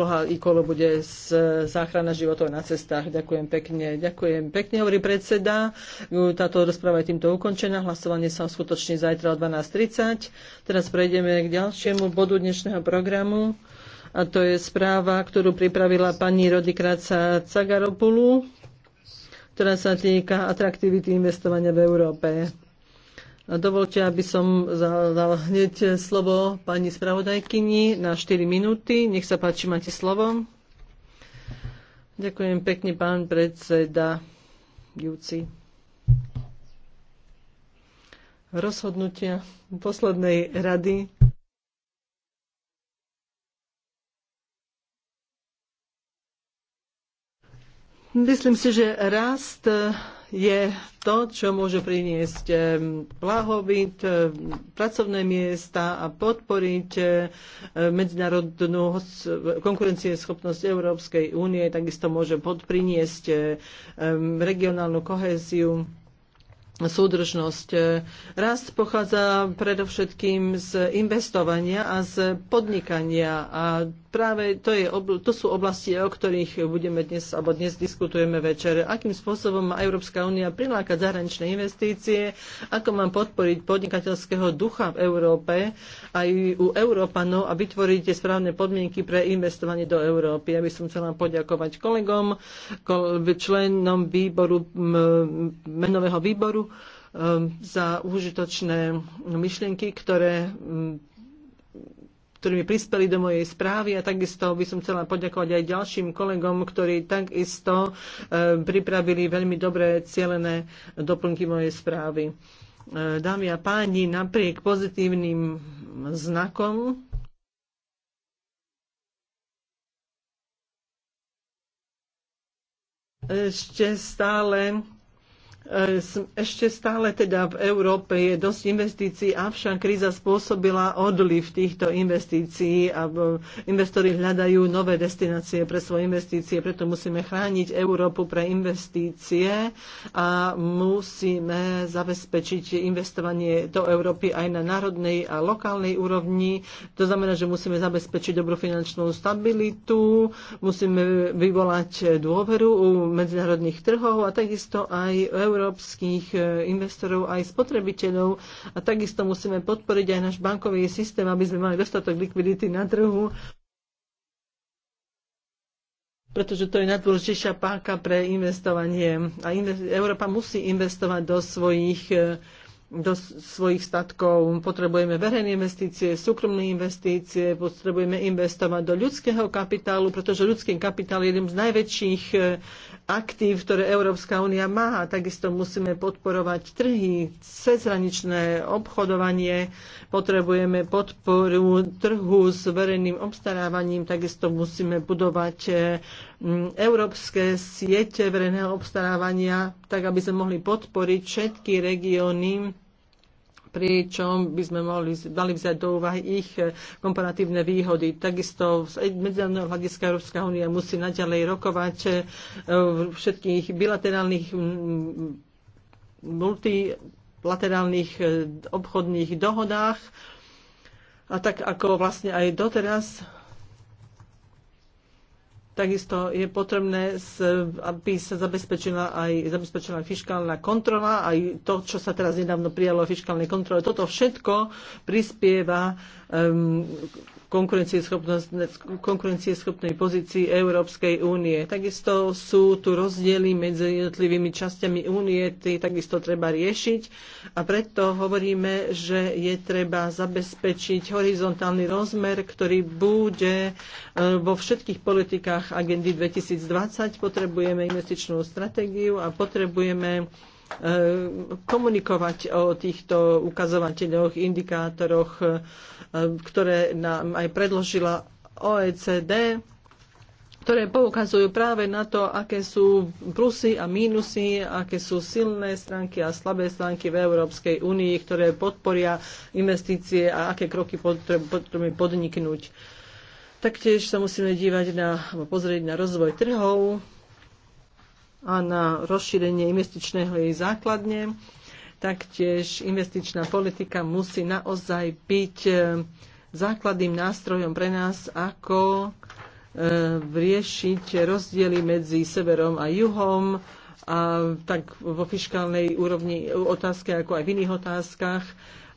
úloha IKOLO bude z záchrana životov na cestách. Ďakujem pekne. Ďakujem pekne, hovorí predseda. Táto rozpráva je týmto ukončená. Hlasovanie sa skutočne zajtra o 12.30. Teraz prejdeme k ďalšiemu bodu dnešného programu. A to je správa, ktorú pripravila pani Rodikráca Cagaropulu, ktorá sa týka atraktivity investovania v Európe. Dovolte, aby som dal hneď slovo pani spravodajkyni na 4 minúty. Nech sa páči, máte slovo. Ďakujem pekne, pán predseda Júci. Rozhodnutia poslednej rady Myslím si, že rast je to, čo môže priniesť eh, blahobyt, eh, pracovné miesta a podporiť eh, medzinárodnú konkurencieschopnosť Európskej únie, takisto môže priniesť regionálnu kohéziu súdržnosť. Rast pochádza predovšetkým z investovania a z podnikania a práve to, je, to sú oblasti, o ktorých budeme dnes, alebo dnes diskutujeme večer. Akým spôsobom má Európska únia prilákať zahraničné investície, ako mám podporiť podnikateľského ducha v Európe aj u Európanov a vytvoriť tie správne podmienky pre investovanie do Európy. Ja by som chcela poďakovať kolegom, členom výboru, menového výboru, Um, za užitočné myšlienky, ktoré um, mi prispeli do mojej správy a takisto by som chcela poďakovať aj ďalším kolegom, ktorí takisto um, pripravili veľmi dobré cielené doplnky mojej správy. Uh, dámy a páni, napriek pozitívnym znakom ešte stále E, ešte stále teda v Európe je dosť investícií, avšak kríza spôsobila odliv týchto investícií a investori hľadajú nové destinácie pre svoje investície, preto musíme chrániť Európu pre investície a musíme zabezpečiť investovanie do Európy aj na národnej a lokálnej úrovni. To znamená, že musíme zabezpečiť dobrú finančnú stabilitu, musíme vyvolať dôveru u medzinárodných trhov a takisto aj Európy európskych e, investorov aj spotrebiteľov a takisto musíme podporiť aj náš bankový systém, aby sme mali dostatok likvidity na trhu pretože to je najdôležitejšia páka pre investovanie. A Európa musí investovať do svojich e, do svojich statkov. Potrebujeme verejné investície, súkromné investície, potrebujeme investovať do ľudského kapitálu, pretože ľudský kapitál je jedným z najväčších e, aktív, ktoré Európska únia má. Takisto musíme podporovať trhy, cezhraničné obchodovanie, potrebujeme podporu trhu s verejným obstarávaním, takisto musíme budovať eh, európske siete verejného obstarávania, tak aby sme mohli podporiť všetky regióny pričom by sme mohli, mali vziať do úvahy ich eh, komparatívne výhody. Takisto z medzinárodného hľadiska Európska únia musí naďalej rokovať eh, všetkých bilaterálnych mm, multilaterálnych eh, obchodných dohodách a tak ako vlastne aj doteraz Takisto je potrebné, aby sa zabezpečila aj zabezpečila fiskálna kontrola, aj to, čo sa teraz nedávno prijalo o fiskálnej kontrole. Toto všetko prispieva um, konkurencieschopnej pozícii Európskej únie. Takisto sú tu rozdiely medzi jednotlivými časťami únie, tie takisto treba riešiť a preto hovoríme, že je treba zabezpečiť horizontálny rozmer, ktorý bude e, vo všetkých politikách agendy 2020. Potrebujeme investičnú stratégiu a potrebujeme E, komunikovať o týchto ukazovateľoch, indikátoroch, e, ktoré nám aj predložila OECD, ktoré poukazujú práve na to, aké sú plusy a mínusy, aké sú silné stránky a slabé stránky v Európskej únii, ktoré podporia investície a aké kroky potrebujeme podniknúť. Taktiež sa musíme dívať na, pozrieť na rozvoj trhov, a na rozšírenie investičného jej základne. Taktiež investičná politika musí naozaj byť e, základným nástrojom pre nás, ako e, riešiť rozdiely medzi severom a juhom, a tak vo fiskálnej úrovni otázke, ako aj v iných otázkach.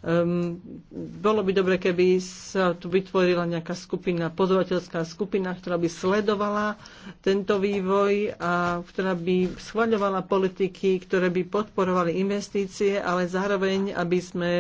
Um, bolo by dobre, keby sa tu vytvorila nejaká skupina, pozorovateľská skupina, ktorá by sledovala tento vývoj a ktorá by schvaľovala politiky, ktoré by podporovali investície, ale zároveň, aby sme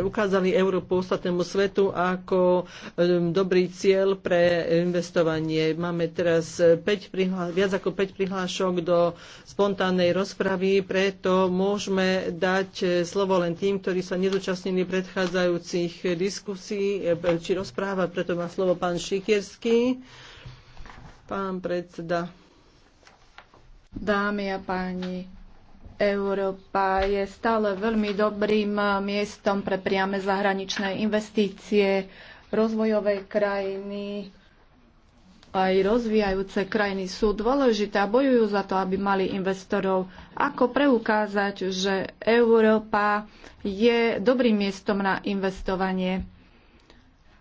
ukázali Európu ostatnému svetu ako ehm, dobrý cieľ pre investovanie. Máme teraz 5 prihla- viac ako 5 prihlášok do spontánnej rozpravy, preto môžeme dať eh, slovo len len tým, ktorí sa nezúčastnili predchádzajúcich diskusí e, či rozpráva. Preto má slovo pán Šikierský, pán predseda. Dámy a páni, Európa je stále veľmi dobrým e, miestom pre priame zahraničné investície. Rozvojové krajiny aj rozvíjajúce krajiny sú dôležité a bojujú za to, aby mali investorov. Ako preukázať, že Európa je dobrým miestom na investovanie?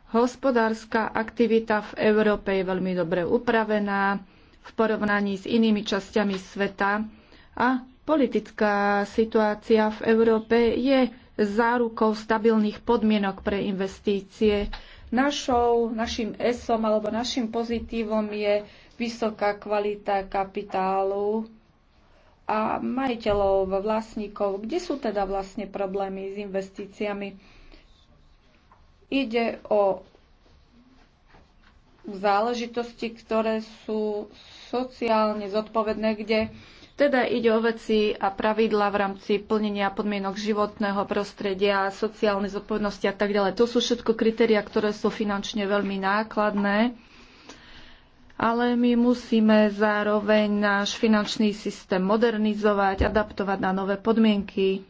Hospodárska aktivita v Európe je veľmi dobre upravená v porovnaní s inými časťami sveta a politická situácia v Európe je zárukou stabilných podmienok pre investície. Našou, našim esom alebo našim pozitívom je vysoká kvalita kapitálu a majiteľov, vlastníkov. Kde sú teda vlastne problémy s investíciami? Ide o záležitosti, ktoré sú sociálne zodpovedné, kde teda ide o veci a pravidla v rámci plnenia podmienok životného prostredia, sociálnej zodpovednosti a tak ďalej. To sú všetko kritéria, ktoré sú finančne veľmi nákladné, ale my musíme zároveň náš finančný systém modernizovať, adaptovať na nové podmienky.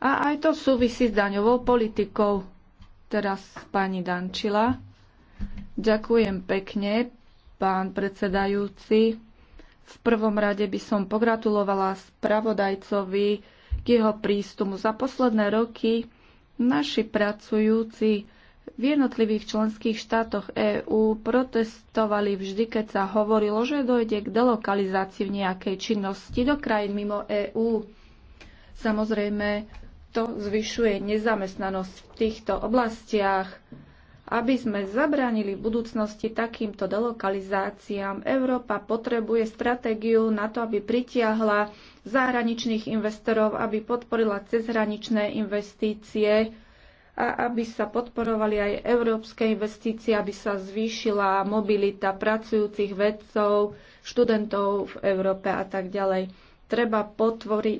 A aj to súvisí s daňovou politikou. Teraz pani Dančila. Ďakujem pekne pán predsedajúci. V prvom rade by som pogratulovala spravodajcovi k jeho prístumu. Za posledné roky naši pracujúci v jednotlivých členských štátoch EÚ protestovali vždy, keď sa hovorilo, že dojde k delokalizácii nejakej činnosti do krajín mimo EÚ. Samozrejme, to zvyšuje nezamestnanosť v týchto oblastiach aby sme zabránili v budúcnosti takýmto delokalizáciám, Európa potrebuje stratégiu na to, aby pritiahla zahraničných investorov, aby podporila cezhraničné investície a aby sa podporovali aj európske investície, aby sa zvýšila mobilita pracujúcich vedcov, študentov v Európe a tak ďalej. Treba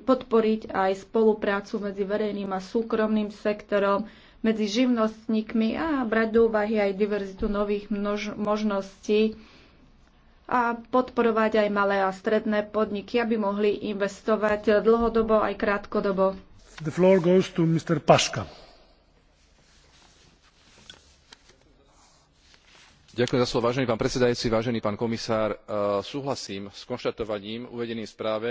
podporiť aj spoluprácu medzi verejným a súkromným sektorom, medzi živnostníkmi a brať do úvahy aj diverzitu nových množ- možností a podporovať aj malé a stredné podniky, aby mohli investovať dlhodobo aj krátkodobo. The floor goes to Mr. Paška. Ďakujem za slovo, vážený pán predsedajúci, vážený pán komisár. E, súhlasím s konštatovaním uvedeným v správe,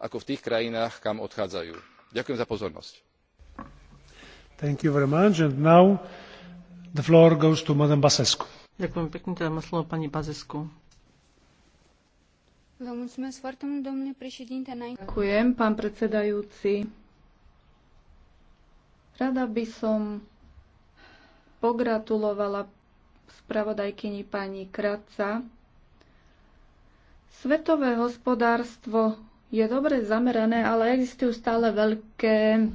ako v tých krajinách kam odchádzajú. ďakujem za pozornosť. Ďakujem pekne, pani Ďakujem, pán predsedajúci. Rada by som pogratulovala spravodajkyni pani Kratca. Svetové hospodárstvo je dobre zamerané, ale existujú stále veľké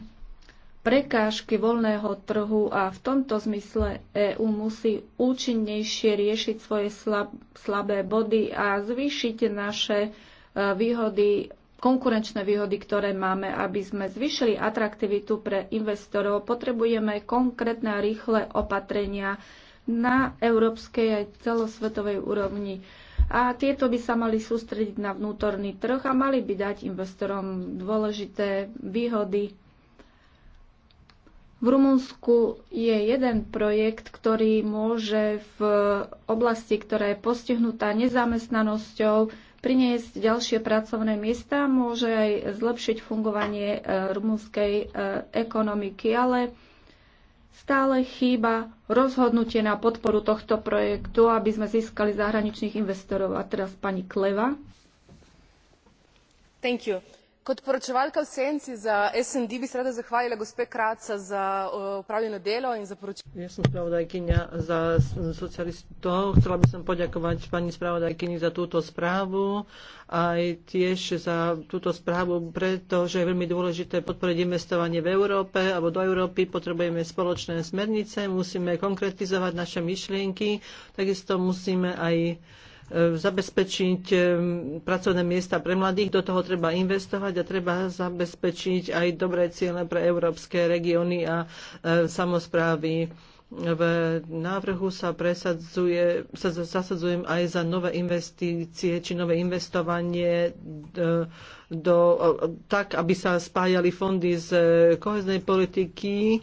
prekážky voľného trhu a v tomto zmysle EÚ musí účinnejšie riešiť svoje slab, slabé body a zvýšiť naše e, výhody, konkurenčné výhody, ktoré máme, aby sme zvýšili atraktivitu pre investorov. Potrebujeme konkrétne a rýchle opatrenia na európskej aj celosvetovej úrovni a tieto by sa mali sústrediť na vnútorný trh a mali by dať investorom dôležité výhody. V Rumunsku je jeden projekt, ktorý môže v oblasti, ktorá je postihnutá nezamestnanosťou, priniesť ďalšie pracovné miesta, môže aj zlepšiť fungovanie e, rumunskej e, ekonomiky, ale stále chýba rozhodnutie na podporu tohto projektu, aby sme získali zahraničných investorov. A teraz pani Kleva. Thank you kot poročevalka v senci za sd bi se rada zahvalila gospe kratsa za opravljeno delo in za poročilo. Ja som spravodajkyňa za socialistov. Chcela by som poďakovať pani spravodajkyni za túto správu aj tiež za túto správu, pretože je veľmi dôležité podporiť investovanie v Európe alebo do Európy. Potrebujeme spoločné smernice, musíme konkretizovať naše myšlienky, takisto musíme aj E, zabezpečiť e, pracovné miesta pre mladých, do toho treba investovať a treba zabezpečiť aj dobré ciele pre európske regióny a e, samozprávy. V návrhu sa presadzuje, sa zasadzujem aj za nové investície či nové investovanie do, do, tak, aby sa spájali fondy z koheznej politiky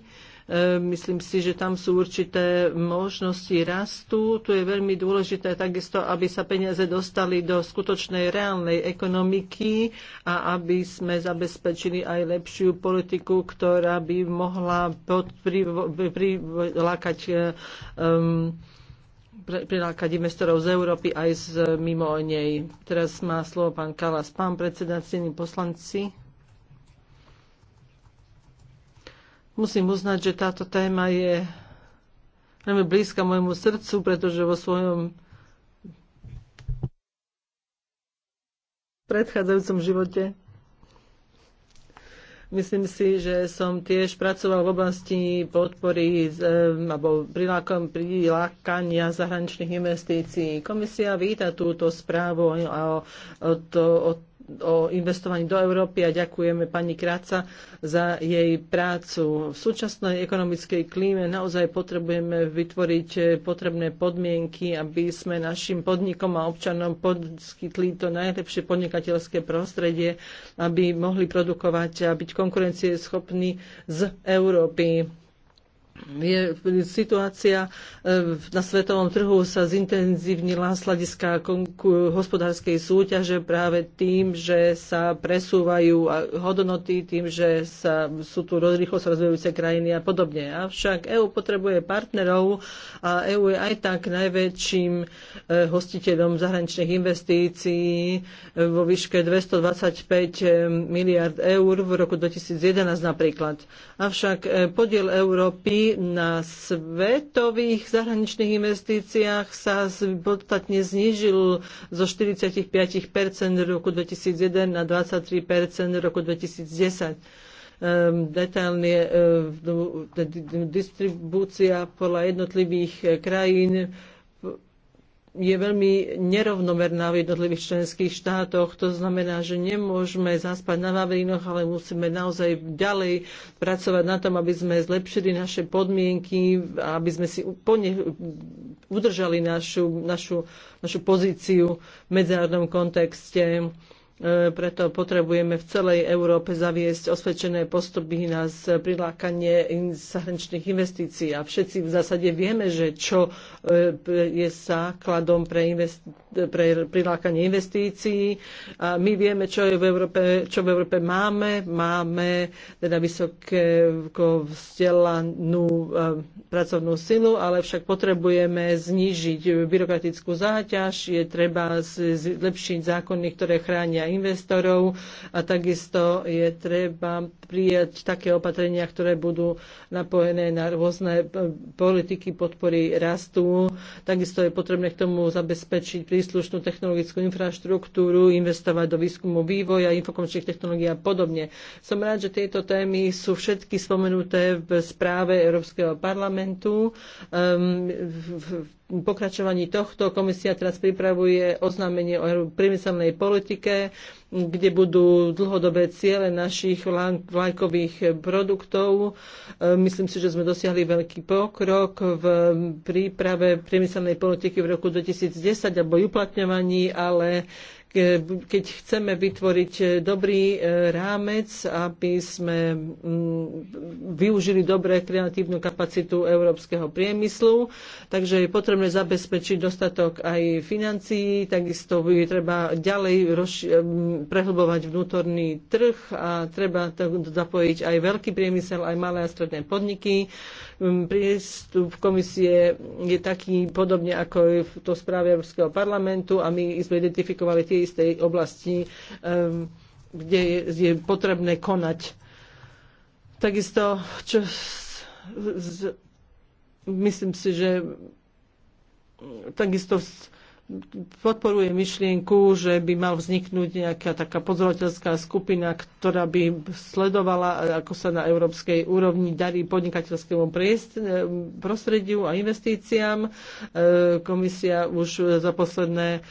E, myslím si, že tam sú určité možnosti rastu. Tu je veľmi dôležité takisto, aby sa peniaze dostali do skutočnej reálnej ekonomiky a aby sme zabezpečili aj lepšiu politiku, ktorá by mohla prilákať um, e, prilákať investorov z Európy aj z mimo nej. Teraz má slovo pán Kalas. Pán predseda, cení poslanci. Musím uznať, že táto téma je veľmi blízka môjmu srdcu, pretože vo svojom predchádzajúcom živote Myslím si, že som tiež pracoval v oblasti podpory alebo prilákom prilákania zahraničných investícií. Komisia víta túto správu o, o, o, o o investovaní do Európy a ďakujeme pani Kráca za jej prácu. V súčasnej ekonomickej klíme naozaj potrebujeme vytvoriť potrebné podmienky, aby sme našim podnikom a občanom poskytli to najlepšie podnikateľské prostredie, aby mohli produkovať a byť konkurencieschopní z Európy je, situácia e, na svetovom trhu sa zintenzívnila z hľadiska hospodárskej súťaže práve tým, že sa presúvajú hodnoty, tým, že sa, sú tu rýchlo sa rozvíjajúce krajiny a podobne. Avšak EÚ potrebuje partnerov a EÚ je aj tak najväčším e, hostiteľom zahraničných investícií e, vo výške 225 miliard eur v roku 2011 napríklad. Avšak podiel Európy na svetových zahraničných investíciách sa podstatne znížil zo 45 v roku 2001 na 23 v roku 2010 ehm, detailne ehm, distribúcia podľa jednotlivých krajín je veľmi nerovnomerná v jednotlivých členských štátoch. To znamená, že nemôžeme zaspať na Vavrinoch, ale musíme naozaj ďalej pracovať na tom, aby sme zlepšili naše podmienky, aby sme si úplne udržali našu, našu, našu pozíciu v medzinárodnom kontexte. E, preto potrebujeme v celej Európe zaviesť osvedčené postupy na prilákanie zahraničných investícií. A všetci v zásade vieme, že čo e, je základom pre, invest- pre prilákanie investícií. A my vieme, čo, je v Európe, čo v Európe máme. Máme teda vysoké vzdelanú e, pracovnú silu, ale však potrebujeme znížiť byrokratickú záťaž, je treba zlepšiť zákony, ktoré chránia investorov a takisto je treba prijať také opatrenia, ktoré budú napojené na rôzne e, politiky podpory rastu. Takisto je potrebné k tomu zabezpečiť príslušnú technologickú infraštruktúru, investovať do výskumu vývoja, infokomčných technológií a podobne. Som rád, že tieto témy sú všetky spomenuté v správe Európskeho parlamentu. Um, v, v, pokračovaní tohto komisia teraz pripravuje oznámenie o priemyselnej politike, kde budú dlhodobé ciele našich vlajkových produktov. E, myslím si, že sme dosiahli veľký pokrok v príprave priemyselnej politiky v roku 2010 alebo uplatňovaní, ale E, keď chceme vytvoriť e, dobrý e, rámec, aby sme mm, využili dobré kreatívnu kapacitu európskeho priemyslu. Takže je potrebné zabezpečiť dostatok aj financií, takisto je treba ďalej prehlbovať vnútorný trh a treba zapojiť aj veľký priemysel, aj malé a stredné podniky, Mm, prístup komisie je taký podobne ako v to správe Európskeho parlamentu a my sme identifikovali tie isté oblasti, kde je potrebné konať. Takisto, čo myslím si, že takisto podporuje myšlienku, že by mal vzniknúť nejaká taká pozorovateľská skupina, ktorá by sledovala, ako sa na európskej úrovni darí podnikateľskému prostrediu a investíciám. E, komisia už za posledné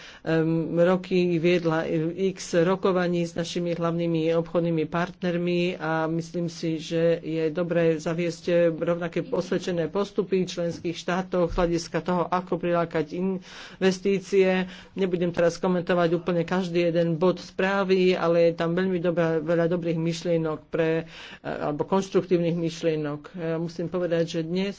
roky viedla x rokovaní s našimi hlavnými obchodnými partnermi a myslím si, že je dobré zaviesť rovnaké osvedčené postupy členských štátov z hľadiska toho, ako prilákať investície pozície. Nebudem teraz komentovať úplne každý jeden bod správy, ale je tam veľmi dobrá, veľa dobrých myšlienok pre, eh, alebo konštruktívnych myšlienok. Musím povedať, že dnes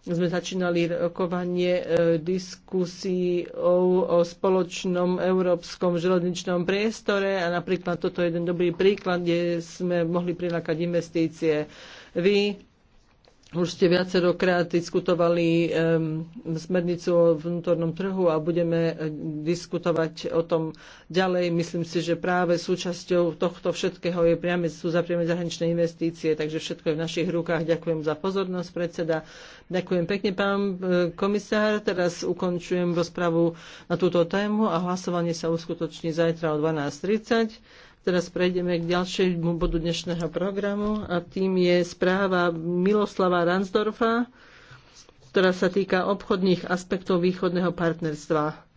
sme začínali rokovanie e, eh, diskusí o, o spoločnom európskom železničnom priestore a napríklad toto je jeden dobrý príklad, kde sme mohli prilákať investície. Vy už ste viacerokrát diskutovali um, smernicu o vnútornom trhu a budeme eh, diskutovať o tom ďalej. Myslím si, že práve súčasťou tohto všetkého je priame, sú za priame zahraničné investície, takže všetko je v našich rukách. Ďakujem za pozornosť, predseda. Ďakujem pekne, pán eh, komisár. Teraz ukončujem rozpravu na túto tému a hlasovanie sa uskutoční zajtra o 12.30. Teraz prejdeme k ďalšiemu bodu dnešného programu a tým je správa Miloslava Ransdorfa, ktorá sa týka obchodných aspektov východného partnerstva.